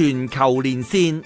全球連線，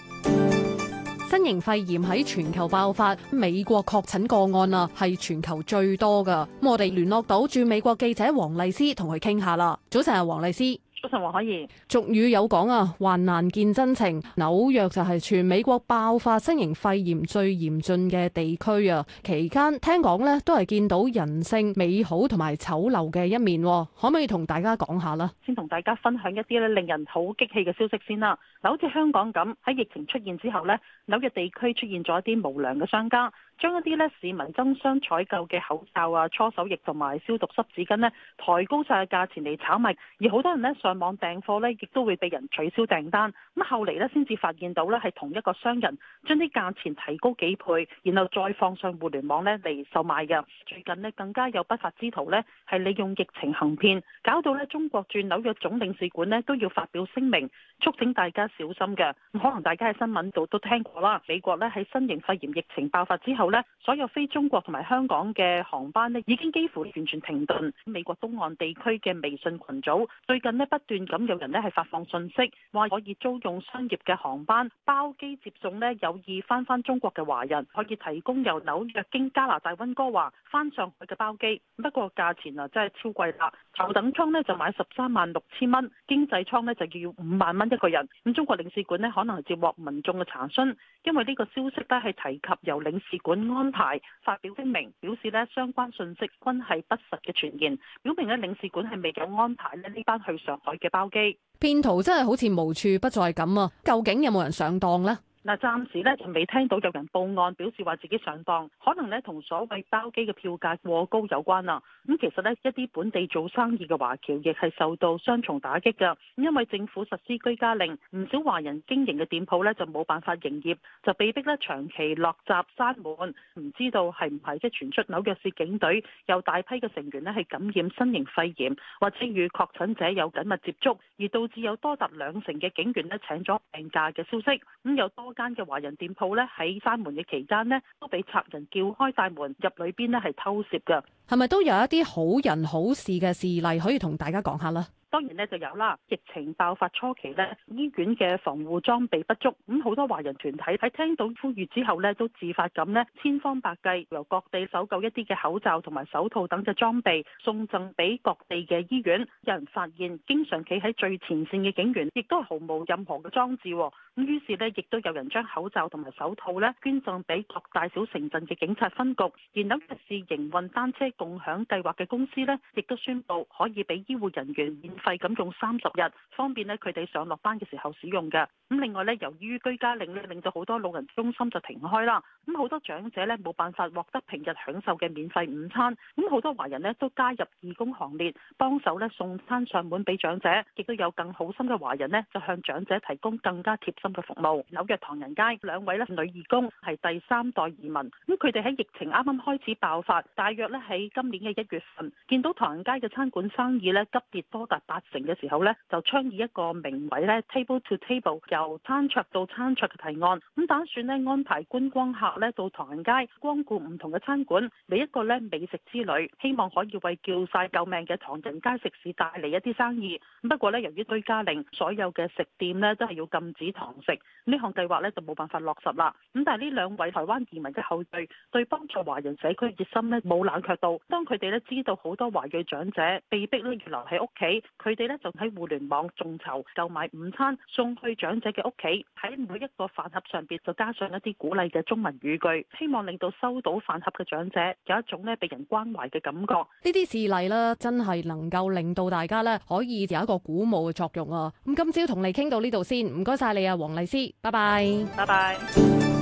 新型肺炎喺全球爆發，美國確診個案啊，係全球最多㗎。我哋聯絡到駐美國記者黃麗施同佢傾下啦。早晨，係黃麗施。都可以。俗語有講啊，患難見真情。紐約就係全美國爆發新型肺炎最嚴峻嘅地區啊。期間聽講咧，都係見到人性美好同埋醜陋嘅一面。可唔可以同大家講下呢？先同大家分享一啲咧令人好激氣嘅消息先啦。嗱，好似香港咁喺疫情出現之後呢，紐約地區出現咗一啲無良嘅商家。將一啲咧市民爭相採購嘅口罩啊、搓手液同埋消毒濕紙巾呢抬高晒嘅價錢嚟炒賣，而好多人呢上網訂貨呢亦都會被人取消訂單。咁後嚟呢先至發現到呢係同一個商人將啲價錢提高幾倍，然後再放上互聯網呢嚟售賣嘅。最近呢更加有不法之徒呢係利用疫情行騙，搞到呢中國駐紐約總領事館呢都要發表聲明，促請大家小心嘅。咁可能大家喺新聞度都聽過啦，美國呢喺新型肺炎疫情爆發之後。所有非中國同埋香港嘅航班已經幾乎完全停頓。美國東岸地區嘅微信群組最近不斷咁有人咧發放信息，話可以租用商業嘅航班包機接送有意翻翻中國嘅華人，可以提供由紐約經加拿大溫哥華翻上海嘅包機。不過價錢啊真係超貴啦，頭等艙就買十三萬六千蚊，經濟艙就要五萬蚊一個人。咁中國領事館可能接獲民眾嘅查詢，因為呢個消息咧係提及由領事館。本安排發表聲明，表示咧相關信息均係不實嘅傳言，表明咧領事館係未有安排咧呢班去上海嘅包機。騙徒真係好似無處不在咁啊！究竟有冇人上當咧？嗱，暫時咧就未聽到有人報案，表示話自己上當，可能咧同所謂包機嘅票價過高有關啦。咁其實呢，一啲本地做生意嘅華僑亦係受到雙重打擊㗎。咁因為政府實施居家令，唔少華人經營嘅店鋪咧就冇辦法營業，就被迫咧長期落閘閂門。唔知道係唔係即係傳出紐約市警隊有大批嘅成員呢係感染新型肺炎，或者與確診者有緊密接觸，而導致有多達兩成嘅警員呢請咗病假嘅消息。咁有多間嘅華人店鋪咧喺閂門嘅期間呢都俾賊人撬開大門入裏邊呢係偷竊噶，係咪都有一啲好人好事嘅事例可以同大家講下啦？當然咧就有啦，疫情爆發初期咧，醫院嘅防護裝備不足，咁好多華人團體喺聽到呼籲之後呢都自發咁呢千方百計由各地搜購一啲嘅口罩同埋手套等嘅裝備送贈俾各地嘅醫院。有人發現經常企喺最前線嘅警員，亦都毫無任何嘅裝置，咁於是呢，亦都有人將口罩同埋手套呢捐贈俾各大小城鎮嘅警察分局。而紐約市營運單車共享計劃嘅公司呢，亦都宣布可以俾醫護人員。費咁用三十日，方便咧佢哋上落班嘅時候使用嘅。咁另外咧，由於居家令咧，令到好多老人中心就停開啦。咁好多長者咧，冇辦法獲得平日享受嘅免費午餐。咁好多華人呢都加入義工行列，幫手咧送餐上門俾長者。亦都有更好心嘅華人呢就向長者提供更加貼心嘅服務。紐約唐人街兩位咧女義工係第三代移民。咁佢哋喺疫情啱啱開始爆發，大約咧喺今年嘅一月份，見到唐人街嘅餐館生意咧急跌多達八成嘅時候咧，就倡議一個名為咧，table to table 由餐桌到餐桌嘅提案，咁打算安排觀光客到唐人街光顧唔同嘅餐館，嚟一個美食之旅，希望可以為叫晒救命嘅唐人街食肆帶嚟一啲生意。不過由於居家令，所有嘅食店都係要禁止堂食，呢項計劃就冇辦法落實啦。咁但係呢兩位台灣移民嘅後裔對幫助華人社區熱心咧冇冷卻到，當佢哋知道好多華裔長者被逼留喺屋企，佢哋就喺互聯網眾籌購買午餐送去長者。嘅屋企，喺每一個飯盒上邊就加上一啲鼓勵嘅中文語句，希望令到收到飯盒嘅長者有一種咧被人關懷嘅感覺。呢啲事例咧，真係能夠令到大家咧可以有一個鼓舞嘅作用啊！咁今朝同你傾到呢度先，唔該晒你啊，黃麗施，拜拜，拜拜。